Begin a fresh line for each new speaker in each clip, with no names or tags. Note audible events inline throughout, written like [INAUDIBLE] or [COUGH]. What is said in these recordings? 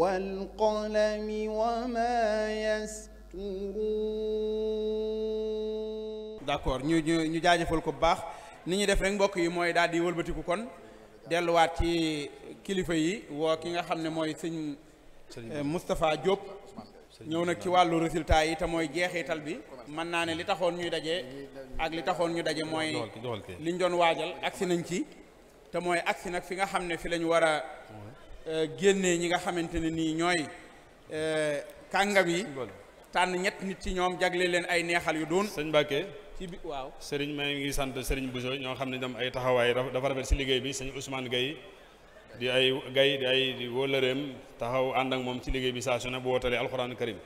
والقلم وما يسطرون d'accord ñu ñu ñu jaajëfal ko bu baax ni ñu def rek mbokk yi mooy daal di wëlbatiku kon delluwaat ci kilifa yi woo ki nga xam ne mooy sëñ eh, Moustapha Diop ñëw nag ci wàllu résultat yi te mooy jeexital bi mën naa ne li taxoon ñuy daje ak li taxoon ñu daje mooy liñ doon waajal agsi nañ ci te mooy agsi nag fi nga xam ne fi lañu war a génnee ñi nga xamante ne nii ñooy
euh, kàngam yi tànn ñett nit ci ñoom jagle leen ay neexal yu doon sëñ Mbàkke ci bi waaw sëriñ maa ngi sant sëriñ Bousso ñoo xam ne dem ay taxawaay dafa rafet si liggéey bi sëñ Ousmane Gaye di ay Gaye di ay di wóolëreem taxaw ànd ak moom ci liggéey bi saa su ne bu wootalee alxuraan karim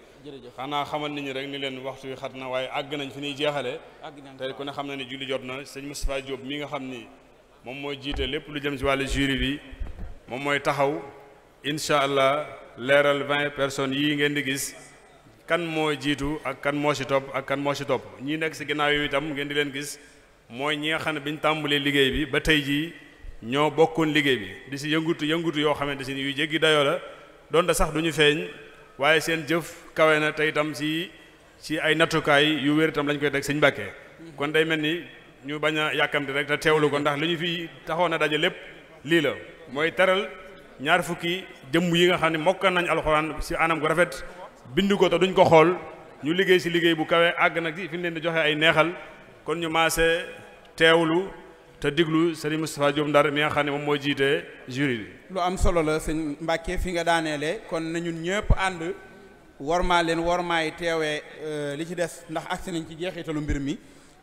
xanaa xamal nit ñi rek ni leen waxtu wi xat na waaye àgg nañ fi ñuy jeexale te ku ne xam na ne julli jot na sëñ Moustapha Diop mi nga xam ni moom moo jiite lépp lu jëm si wàllu jury bi moom mooy taxaw incha allah leeral vingt personnes yii ngeen di gis kan moo jiitu ak kan moo si topp ak kan moo si topp ñii nekk ci ginnaaw yi itam ngeen di leen gis mooy ñi xam ne bi ñu tàmbalee liggéey bi ba tey jii ñoo bokkoon liggéey bi di si yëngutu yëngutu yoo xamante ni yu jéggi dayoo la donte sax duñu ñu feeñ waaye seen jëf kawe na tey itam ci ci ay nattukaay yu wér itam lañ koy teg Sëñ Mbàkke kon day mel ni ñu bañ a yàkkamti rek te teewlu ko ndax li ñu fi taxoon a daje lépp lii mooy teral ñaar fukki jëmm yi nga xam ne mokka nañ alxuraan si anam gu rafet bind ko te duñ ko xool ñu liggéey si liggéey bu kawee àgg nag fi ñu leen di joxe ay neexal kon ñu maase teewlu te diglu Serigne Moustapha Diop Ndar mi nga xam ne moom moo jiite jury bi.
lu am solo la sëñ Mbacke fi nga daaneele kon nañu ñun ñëpp ànd wormaa leen wormaay teewee euh, li ci des ndax agsi nañ ci jeexitalu mbir mi.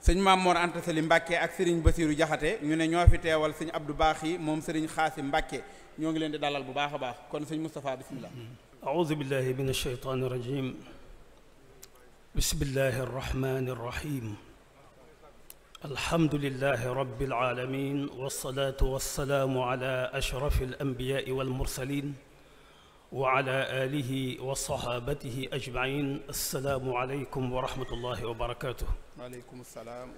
sëñ Maam Mor Anta Sali Mbàkke ak sëriñ Basiiru Jaxate ñu ne ñoo fi teewal sëñ baax yi moom sëriñ Xaasim Mbàkke ñoo ngi leen di dalal bu baax a baax kon sëñ Moustapha bismillah
aoudu billahi min alsheytaan irrajim bismillahi arrahmani irrahim alhamdulilahi rabbil alamin wassalatu wassalaamu ala ashrafi alambiyai walmursalin wa ala alihi wa sahabatihi ajmain aleykum wa rahmatullahi wa barakatuh
waaleykum salaam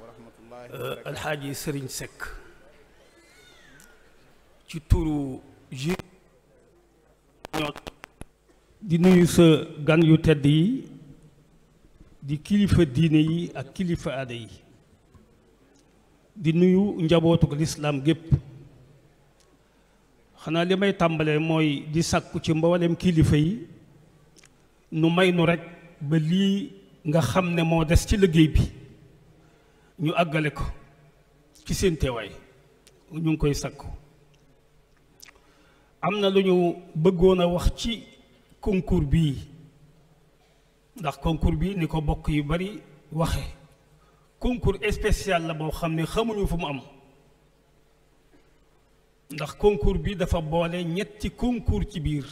sëriñ Seck ci turu ji di nuyu sa gan yu tedd yi di kilifa diine yi ak kilifa aada yi di nuyu njabootuk lislaam gépp xanaa li may tàmbalee mooy di sàkku ci mboolem kilifa yi nu may nu rekk ba lii nga xam ne moo des ci liggéey bi ñu àggale ko ci seen teewaay ñu ngi koy sàkku am na lu ñu bëggoon a wax ci concours bii ndax concours bi ni ko bokk yu bari waxe concours spécial la boo xam ne xamuñu fu mu am ndax concours bi dafa boole ñetti concours ci biir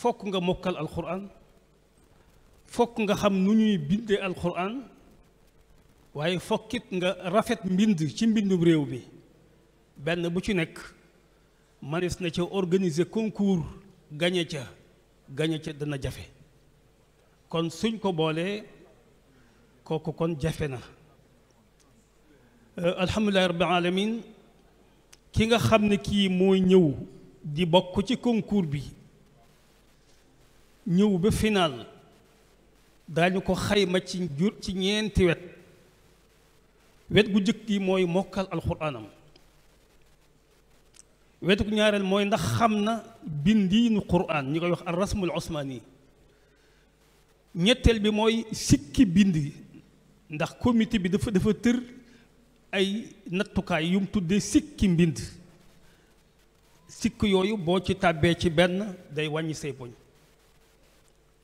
fokk nga mokkal alxuraan fokk nga xam nu ñuy bindee alxuraan waaye fokkit nga rafet mbind ci mbindum réew mi benn bu ci nekk manees na ca organiser concours gañe ca gañe ca dana jafe kon suñ ko boolee kooku kon jafe na euh, alhamdulilahi rabbil alamin ki nga xam ne kii mooy ñëw di bokk ci concours bi ñëw ba finaal daañu ko xayma ci jur ci ñeenti wet wet gu jëkk gi mooy mokkal alxuraanam wetu gu ñaareel mooy ndax xam na bindiinu quraan ñi koy wax al rasmul osmaani ñetteel bi mooy sikki bind ndax comité bi dafa dafa tër ay nattukaay yum tuddee sikki mbind sikk yooyu boo ci tàbbee ci benn day wàññi say poñ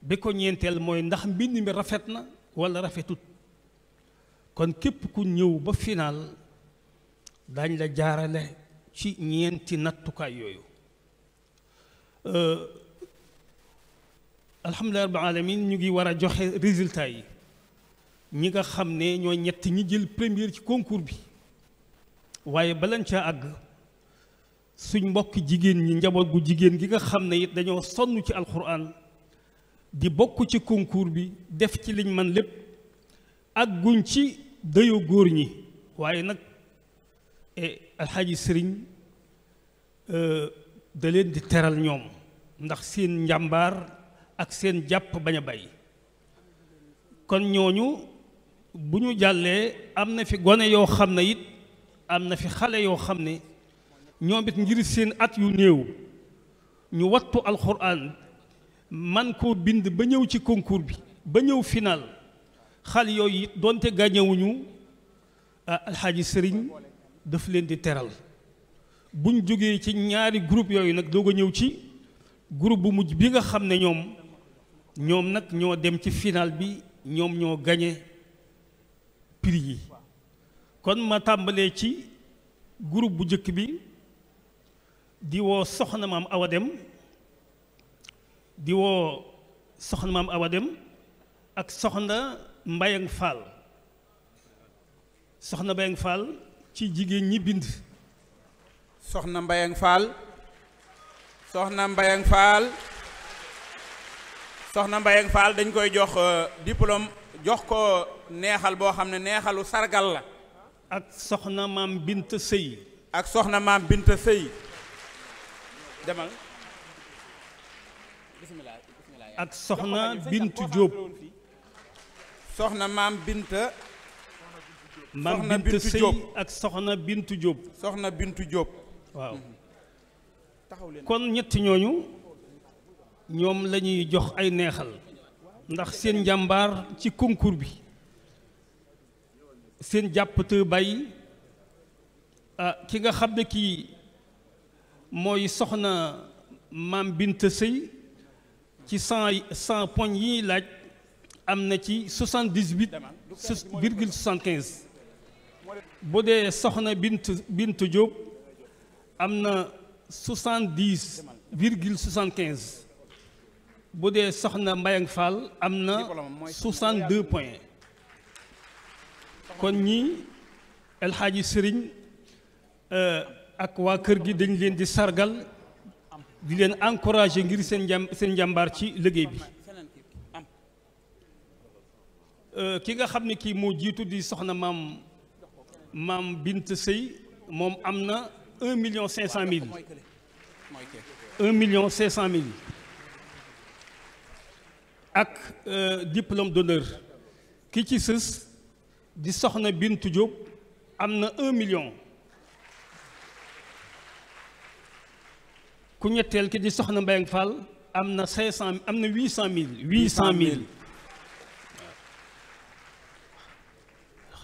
bi ko ñeenteel mooy ndax mbind mi rafet na walla rafetut kon képp ku ñëw ba finaal dañ la jaarale ci ñeenti nattukaay yooyu euh, alhamdulilah rabbil alamin ñu ngi war a joxe résultat yi ñi nga xam ne ñoo ñett ñi jël première ci konkuur bi waaye balañ ca àgg suñ mbokk jigéen ñi njaboot gu jigéen gi nga xam ne it dañoo sonn ci alxuraan di bokk ci concours bi def ci liñ man lépp àgguñ ci dayoo góor ñi waaye nag e, alxaaji sëriñ e, da leen di teral ñoom ndax seen njàmbaar ak seen jàpp bañ a kon ñooñu bu ñu jàllee am na fi gone yoo xam ne it am na fi xale yoo xam ne ñoom it ngir seen at yu néew ñu wattu alxuraan man koo bind ba ñëw ci konkuur bi ba ñëw final xal yooyu it doonte gàññewuñu ah, alxaaji sëriñ daf leen di teral buñ jógee ci ñaari group yooyu nag doog a ñëw ci group bu mujj bi nga xam ne ñoom ñoom nag ñoo dem ci final bi ñoom ñoo gañe prix yi kon ma tàmbalee ci groupe bu njëkk bi di woo soxna maam Awa Dem di woo soxna maam Awa Dem ak soxna Mbayang Fall soxna Mbayang Fall ci jigéen ñi bind
soxna Mbayang Fall soxna Mbayang Fall dañ koy jox euh, diplôme jox ko neexal boo xam ne neexalu sargal la ak soxna maam bint sëy ak soxna maam bint sëy demal bismillah
ak soxna bint jóob
soxna maam bint
maam bint sëy ak soxna bint jóob soxna bintu jóob waaw
mhm.
kon ñetti ñooñu ñoom lañuy jox ay neexal ndax seen njàmbaar ci concours bi seen jàppatee bay ah ki nga xam ne kii mooy soxna maam bint Sëy ci cent cent poñ yi laaj am na ci soixante dix huit virgule soixante quinze bu dee soxna Bint Bint Diop am na soixante dix virgule soixante quinze bu dee soxna Mbayang Fall am na 62 points kon ñii El sëriñ Serigne euh, ak waa kër gi dañ leen di sargal di leen encourager ngir seen njàm seen njàmbaar ci liggéey bi euh, ki nga xam ne kii moo jiitu di soxna maam maam Bint Sëy moom am na un million cinq cent mille million cinq cent mille ak euh, diplôme d'honneur ki ci sës di soxna Bintu Diop am na un million ku ñetteel ki di soxna Mbayang Fall am na cinq cent am na huit cent mille huit cent mille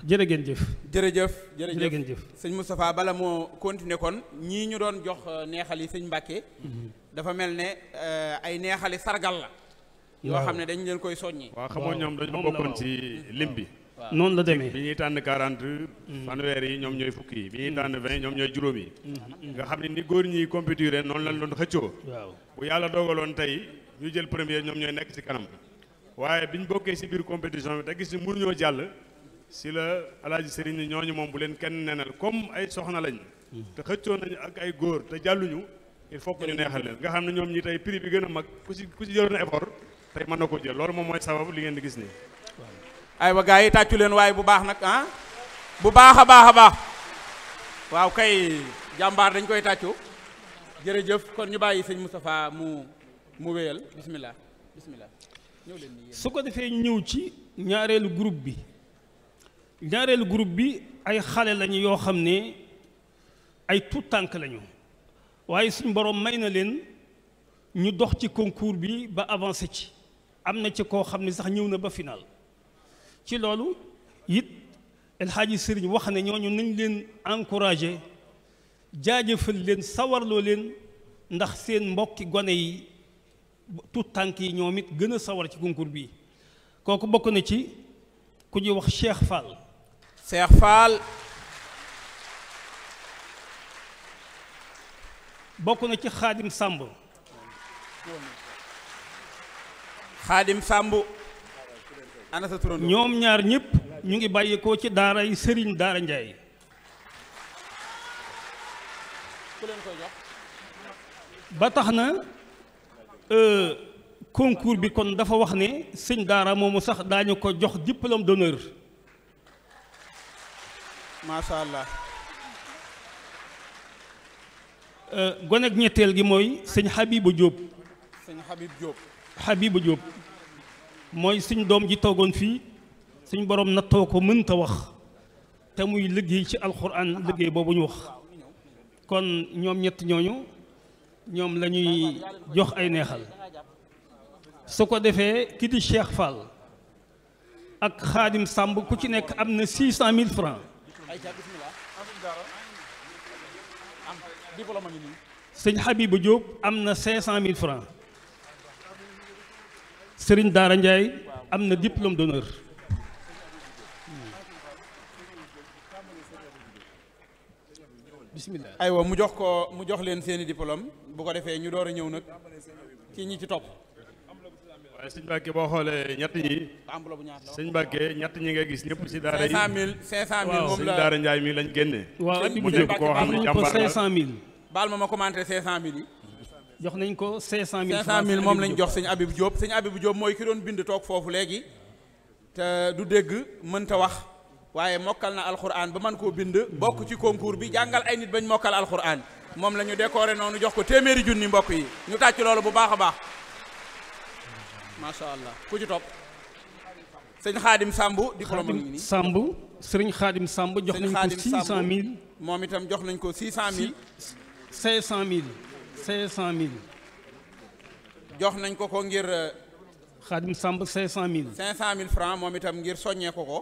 jërë ngeen jëf
jërëjëf jëf sëñ Moustapha bala moo continuer kon ñii ñu doon jox euh, neexal yi sëñ Mbàkke mhm. dafa mel ne euh, ay neexali sargal
la yoo xam ne dañ
leen koy soññi. waaw xamoo ñoom dañoo bokkoon ci
lim bi. noonu la demee bi ñuy tànn quarante mm. fanweer yi ñoom ñooy fukki yi bi ñuy mm. tànn vingt ñoom ñooy juróom yi mm. nga xam ne ni góor ñi compétiré noonu lañ doon xëccoo bu yàlla doogaloon tey ñu jël premier ñoom ñooy nekk ci kanam waaye bi ñu bokkee ci biir compétition bi te gis ñu mënuñoo jàll ci la alaaji sëriñ ni ñooñu moom bu leen kenn nenal comme ay soxna lañ te xëccoo nañu ak ay góor te jàlluñu il faut que ñu neexal leen nga xam ne ñoom ñi tey prix bi gën a mag ku ci ku ci jëloon effort te mën na ko jël loolu moom mooy sababu li ngeen di gis nii. ay gars yi tàccu leen waaye
bu baax nag ah bu baax a baax a baax waaw kay jàmbaar dañ koy tàccu jërëjëf kon ñu bàyyi sëñ Moustapha mu mu wéyal bismillah
bismillah ñëw leen nii su ko defee ñëw ci ñaareelu groupe bi ñaareelu groupe bi ay xale lañu yoo xam ne ay tuut tànk lañu waaye suñ borom may na leen ñu dox ci concours bi ba avancé ci am na ci koo xam ne sax ñëw na ba final ci loolu it El Hadji Sëriñ wax ne ñooñu nañ leen encouragé jaajëfal leen sawarloo leen ndax seen mbokki gone yi tout tànk yi ñoom it gën a sawar ci concours bi kooku bokk na ci ku ñuy wax Cheikh Fall. Cheikh bokk na ci Xaadim sàmba xaadim sàmb ana sa ñoom ñaar ñëpp ñu ngi bàyyikoo ci daara yi sëriñ daara njaay ba tax na euh, concours bi kon dafa wax ne sëñ daara moomu sax daañu ko jox diplôme d'honneur
macha allah
euh, gonek ñetteel gi mooy sëñ Habibou Diop sëñ Habib jóob Habiba jóob mooy suñ doom ji toogoon fii suñ borom nattoo ko mënta wax te muy liggéey ci alxuraan liggéey boobu ñu wax kon ñoom ñett ñooñu ñoom la ñuy jox ay neexal su ko defee ki di Cheikh Fall ak Xaadim Sàmb ku ci nekk am na six cent mille francs sëñ Habiba jóob am na cinq cent mille francs Serigne Daara Ndiaye am na diplôme d'honneur bismillah aywa mu jox
ko mu jox leen seeni diplôme bu ko defee ñu door a ñëw nag ci ñi ci topp
waaye sëñ Mbàkke boo xoolee ñett ñi sëñ Mbàkke ñett ñi nga gis ñëpp ci daara yi 500000 500000 moom la Daara Ndiaye mi lañ génne waaw mu jóg koo xam ne jàmbaar la 500000
baal ma ma commenté 500000 yi jox nañ ko 500000. 500000 moom lañ jox sëñ Habib Diop sëñ Habib Diop mooy ki doon bind toog foofu léegi te du dégg mënta wax waaye mokkal na alxuraan ba man koo bind. bokk ci concours bi jàngal ay nit bañ mokkal alxuraan moom la ñu décoré noonu jox ko téeméeri junni mbokk yi ñu tàcc loolu bu baax a baax macha allah ku ci topp. sëñ Xaadim Samb diplôme ngi
nii Samb sëriñ Xaadim Samb jox nañ ko 600000
moom itam jox nañ ko 600000.
500000. cinq cent mille. jox nañ ko ko ngir. Euh, Xaadim Samb cinq cent mille.
cinq cent mille francs moom itam ngir soññee ko ko.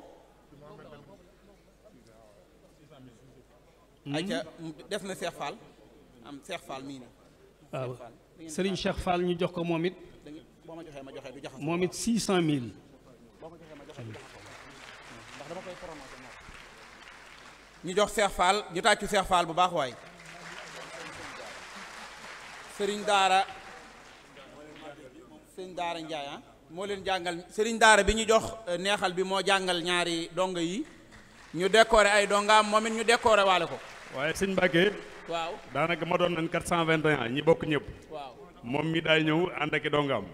Hmm? ayca def na Cheikh Fall am Cheikh Fall mii nii.
waaw Serigne Cheikh Fall ñu jox ko moom it.
moom it six cent mille. ñu jox seex Fall ñu tàccu Cheikh Fall bu baax waay. sëriñ daara sëriñ daara Njaay ah moo leen jàngal sëriñ daara bi ñu jox euh, neexal bi moo jàngal ñaari dong yi ñu décorer ay dongaam moom it ñu décorer waale ko
waaye sëñ Mbàkke waaw daanaka ma doon nañ 421 ñi bokk ñëpp moom mi daay ñëw ànd ak i dongam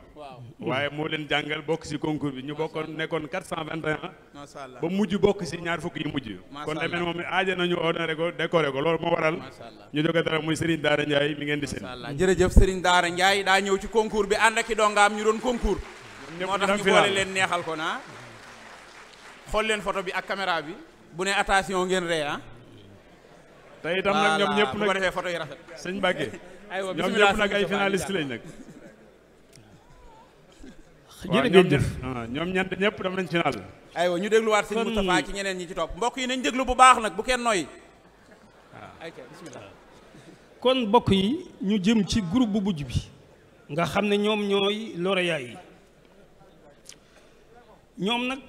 waaye moo leen jàngal bokk si concours bi ñu bokkoon nekkoon 421 ba mujj bokk si ñaar fukk yi mujj kon tamit moom aaja nañu honoré ko décoré ko loolu moo waral ñu jóge dara muy Serigne Daara Ndiaye mi ngeen di seen jërëjëf Serigne Daara Ndiaye daa ñëw ci concours bi ànd ak i am ñu doon
concours
moo tax ñu boole leen
neexal ko naa xool leen photo bi ak caméra bi bu ne attention ngeen ree ah te itam nag ñoom ñëpp nag yi rafet sëñ Mbacke [LAUGHS] Ah, ñoom ñëpp nag ah, ay finaliste lañ
nag. jërëjëf ñoom ñent ñëpp dem nañ final.
aywa ñu dégluwaat sëñ Moustapha ci ñeneen ñi ci topp mbokk yi nañ déglu bu baax nag bu kenn noyyi. Ah.
kon mbokk yi ñu jëm ci groupe bu mujj bi. nga xam ne ñoom ñooy lauréat yi ñoom nag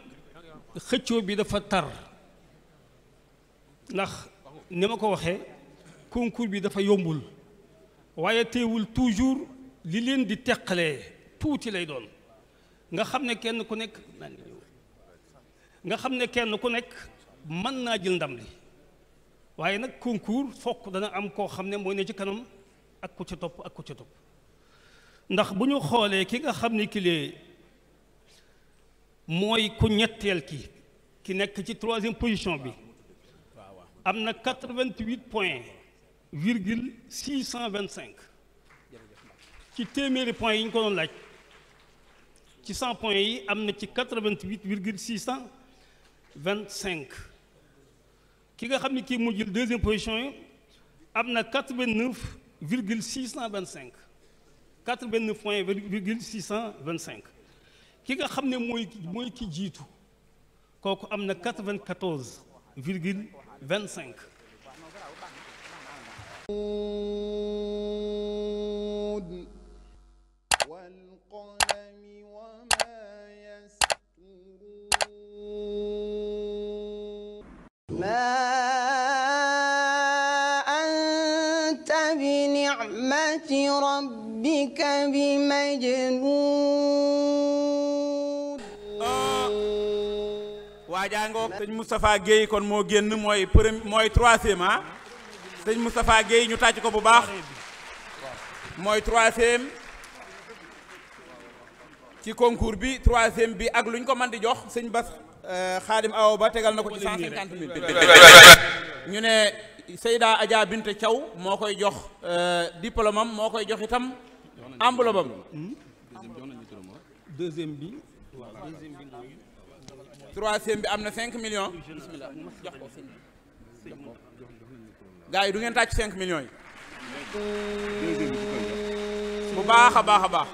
xëccoo bi dafa tar ndax ni ma ko waxee concours bi dafa yombul. waaye teewul toujours li leen di teqalee tuuti lay doon nga xam ne kenn ku nekk nga xam ne kenn ku nekk mën naa jël ndam li waaye nag concours fokk dana am koo xam ne mooy ne ci kanam ak ku ca topp ak ku ca topp ndax bu ñu xoolee ki nga xam ne kilee mooy ku ñetteel ki ki nekk ci troisième position bi am na quatre-vingt-huit virgule six cent vingt cinq ci téeméeri point yi ñu ko doon laaj ci cent point yi am na ci quatre vingt huit virgule six cent vingt cinq ki nga xam ne kii mu jël deuxième position yi am na quatre vingt neuf virgule six vingt cinq quatre vingt neuf point virgule six cent vingt cinq ki nga xam ne mooy mooy ki jiitu kooku am na quatre vingt quatorze virgule vingt cinq waa
jàngoo
sëñ Moustapha Guèye kon moo génn mooy premier sëñ Moustapha Guèye ñu tàcc ko bu baax mooy troisième ci concours bi troisième bi ak lu ñu ko mën di jox sëñ ba Xaadim euh, Awa Ba tegal na ko ci cent cinquante mille ñu ne Seyda Adja Binte caw moo koy jox euh, diplôme am moo koy jox itam enveloppe am deuxième bi troisième bi am na cinq millions bismillah gars yi du ngeen tàcc 5 millions yi.
bu baax a baax
a baax.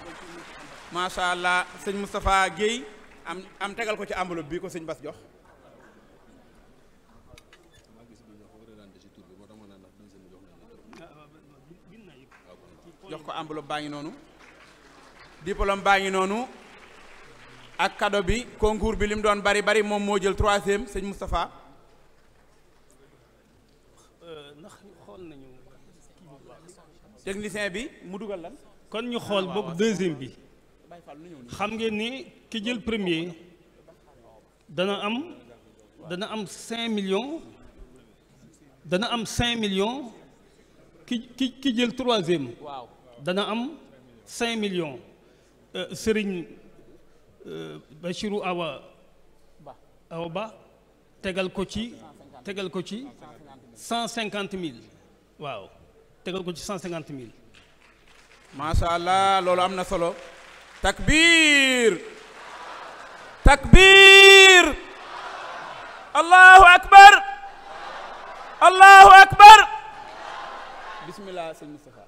macha allah sëñ Moustapha Guèye am am tegal ko ci enveloppe bi ko sëñ Bas jox. jox ko enveloppe baa ngi noonu. diplôme baa ngi noonu. ak kado bi concours bi li mu doon bari bari moom moo jël troisième sëñ Moustapha.
technicien bi mu dugal lan. kon ñu xool boobu deuxième bi xam ngeen ni ki jël premier dana am dana am cinq millions dana am cinq millions ki ki ki jël troisième. waaw dana am cinq millions euh, Serigne euh, Bachirou Awa Awa Ba tegal ko ci tegal ko ci cinquante mille waaw. tegal ko ci cent cinquante mille macha allah loolu am na solo
takbir takbir allahu akbar allahu akbar bismillah sëñ Moustapha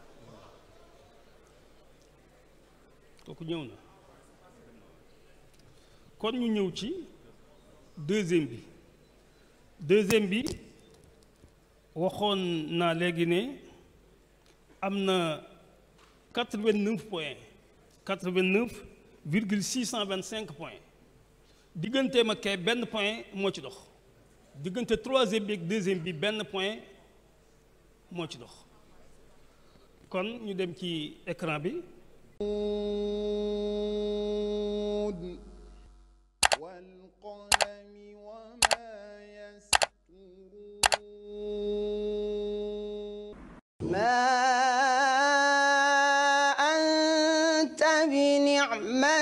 kooku ñëw na kon ñu ñëw ci deuxième bi deuxième bi waxoon naa léegi ne am na quatre-vingt-neuf points quatre cent vingt-cinq points digganteem ak kee benn point moo ci dox diggante troisième bi ak deuxième bi benn point moo ci dox kon ñu dem ci écran bi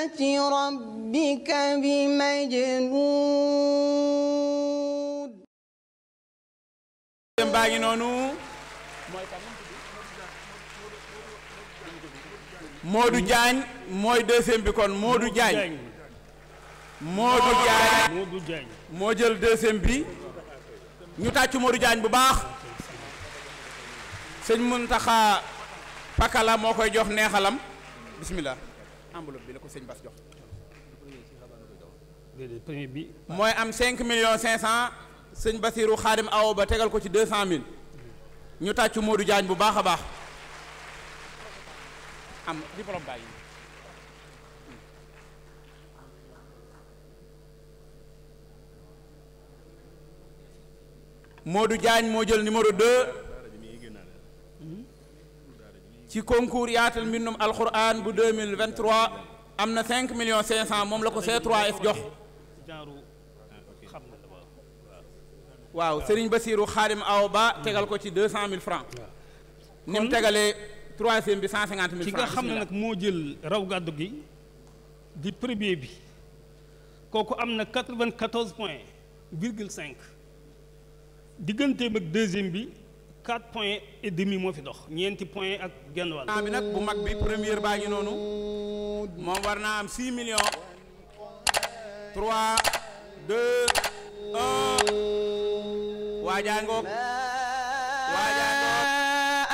برحمة ربك بمجنون
mbaa ngi noonu Modou Diagne mooy deuxième bi kon Modou Diagne Modou Diagne moo jël deuxième bi ñu tàcc Modou Diagne bu baax sëñ Muntaxa Pakala moo koy jox neexalam bismillah enveloppe bi ko sëñ Bass bi. mooy am 5 millions 500 sëñ Basirou Xaadim Awo ba tegal ko ci 200000 ñu tàccu Modou jaañ bu baax a baax am diplôme moo jël numéro 2. ci concours yaatal mbindum alquran bu 2023 am na 5 millions 500 moom la ko C3S jox waaw Serigne Bassirou Xaadim Awa Ba tegal ko ci 200 000 francs ni mu tegalee troisième bi 150 000
francs nga xam ne nag moo jël raw gàddu gi di premier bi kooku am na 94 point virgule 5 digganteem ak deuxième bi. quatre points et demi moo fi dox ñeenti point ak genn wàll. bi nag bu mag bi première baa ngi noonu moom war naa am six
millions trois deux un waajaa ngoog waajaa
ngoog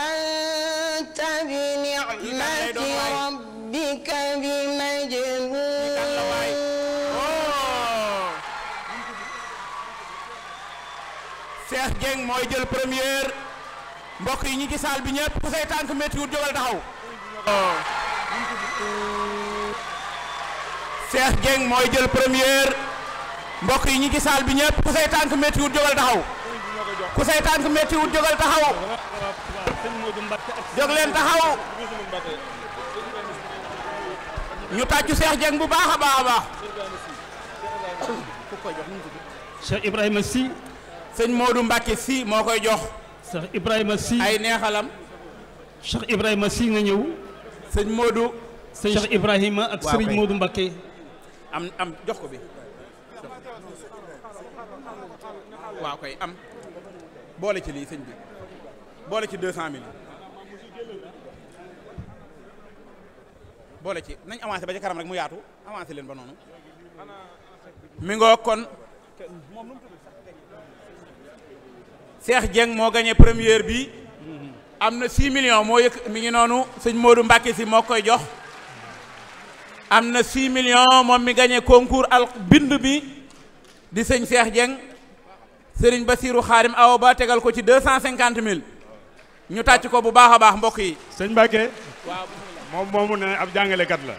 anta bi ni'mati rabbika bi majnuun
Cheikh Dieng mooy jël première mbokk yi ñi ci saal bi ñëpp ku say tànk métti wut jógal taxaw. yi ñi ci saal bi ñëpp ku say tànk métti wut jógal taxaw.
ku say tànk taxaw.
ñu tàccu Cheikh Dieng bu baax a baax a baax.
Cheikh Ibrahima Sy.
sëñ Modou Mbacke Sy moo koy jox. Cheikh Ibrahima Sy ay neexalam. Cheikh Ibrahima si nga ñëw. sëñ Modou. sëñ Cheikh Ibrahima ak Serigne Modou Mbacké. am am jox ko bi. waa koy am boole ci lii sëñ bi boole ci deux cent mille boole ci nañ avancé ba ci kanam rek mu yaatu avancé leen ba noonu
mi ngoo kon
seex Dieng moo gagné première bi am na 6 millions moo yëkk mi ngi noonu sëñ Modou Mbacke si moo koy jox am na 6 millions moom mi gagné concours al bind bi di sëñ Cheikh Dieng sëriñ Basirou Xaarim Awa Ba tegal ko ci 250 000 ñu tàcc ko bu baax a baax
mbokk yi. sëñ Mbacke. waaw moom moomu ne ab jàngalekat la.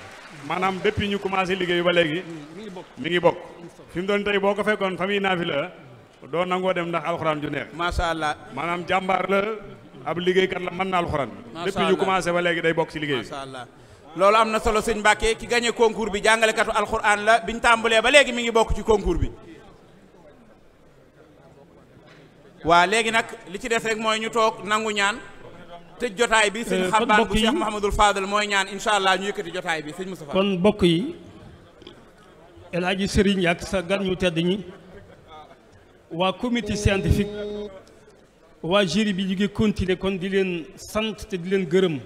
maanaam depuis ñu commencé liggéey ba léegi. mi ngi bokk mi ngi bokk. fi mu doon tey boo ko fekkoon famille naa fi la. doo nangoo dem ndax alxuraan ju neex. macha allah maanaam jàmbaar la ab liggéeykat la man na alxuraan. macha ñu commencé ba léegi day bokk ci liggéey. macha loolu am na solo sëñ Mbacke ki gagné concours bi
jàngalekatu alxuraan la biñ tàmbalee ba léegi mi ngi bokk ci concours bi. waa léegi nag li ci des rek mooy ñu toog nangu ñaan te jotaay bi sëñ eh, xambaan bu Cheikh Mouhamadul Fadal mooy ñaan incha allah ñu yëkkati jotaay bi sëñ Moustapha kon
bokk yi El Hadj Serigne ak sa gan ñu tedd ñi. waa comité scientifique waa jury bi ñu ngi kon di leen sant te di leen gërëm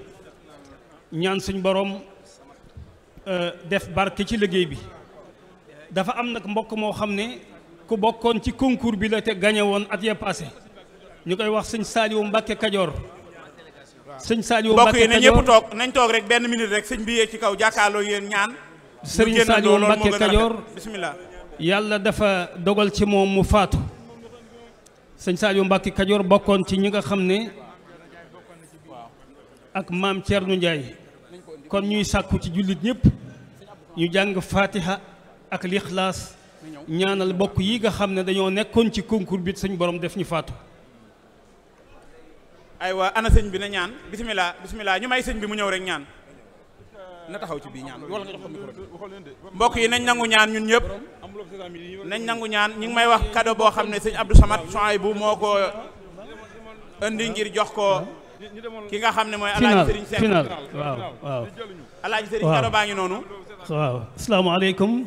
ñaan suñ borom euh, def barke ci liggéey bi dafa am nag mbokk moo xam ne ku bokkoon ci concours bi la te gagné woon at ya passé ñu koy wax sëñ Saliou Mbacke Kajoor sëñ Saliou Mbacke Kajoor mbokk yi na ñëpp toog nañ toog rek benn minute rek sëñ bi ci kaw jàkkaarloo yéen ñaan. sëriñ Saliou Mbacke Kajoor bismillah yàlla dafa dogal ci moom mu faatu. sëñ Sadio Mbacke Kajoor bokkoon ci ñi nga xam ne ak maam Thierno Ndiaye kon ñuy sàkku ci jullit ñëpp ñu jàng fatiha ak lixlaas ñaanal bokk yi nga xam ne dañoo nekkoon ci concours bi sëñ borom def ñu faatu. aywa ana sëñ bi na ñaan
bisimilah bisimilah ñu may sëñ bi mu ñëw rek ñaan. na taxaw ci bii ñaan wala mbokk yi nañ nangu ñaan ñun ñëpp nañ nangu ñaan ñi ngi may wax cadeau boo xam ne sëñ Abdou Samad Souhaïbou moo ko indi ngir jox ko ki nga xam ne mooy alaaji sëriñ Seck final baa ngi noonu
waaw asalaamaaleykum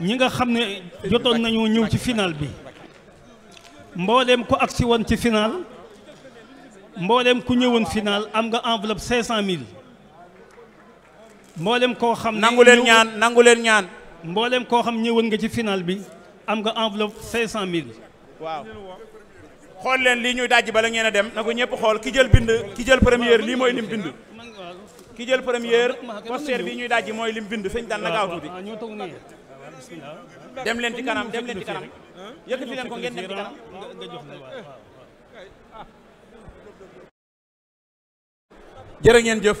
ñi nga xam ne jotoon nañu ñëw ci final bi mbooleem ku agsi woon ci final mbooleem ku ñëwoon final am nga enveloppe 500000. mboolem koo xam ne nangu leen ñaan nangu leen ñaan. mboolem koo xam ñëwoon nga ci final bi am nga enveloppe 500000. waaw xool leen lii ñuy dajji bala ngeen a dem na ko ñëpp xool ki jël bind ki jël première li mooy lim bind. ki jël première poster bi ñuy
dajji mooy lim bind sëñ daan na gaaw tuuti.
dem leen ti kanam dem leen ci kanam yëkkati leen ko ngeen dem ci kanam.
jërë ngeen jëf.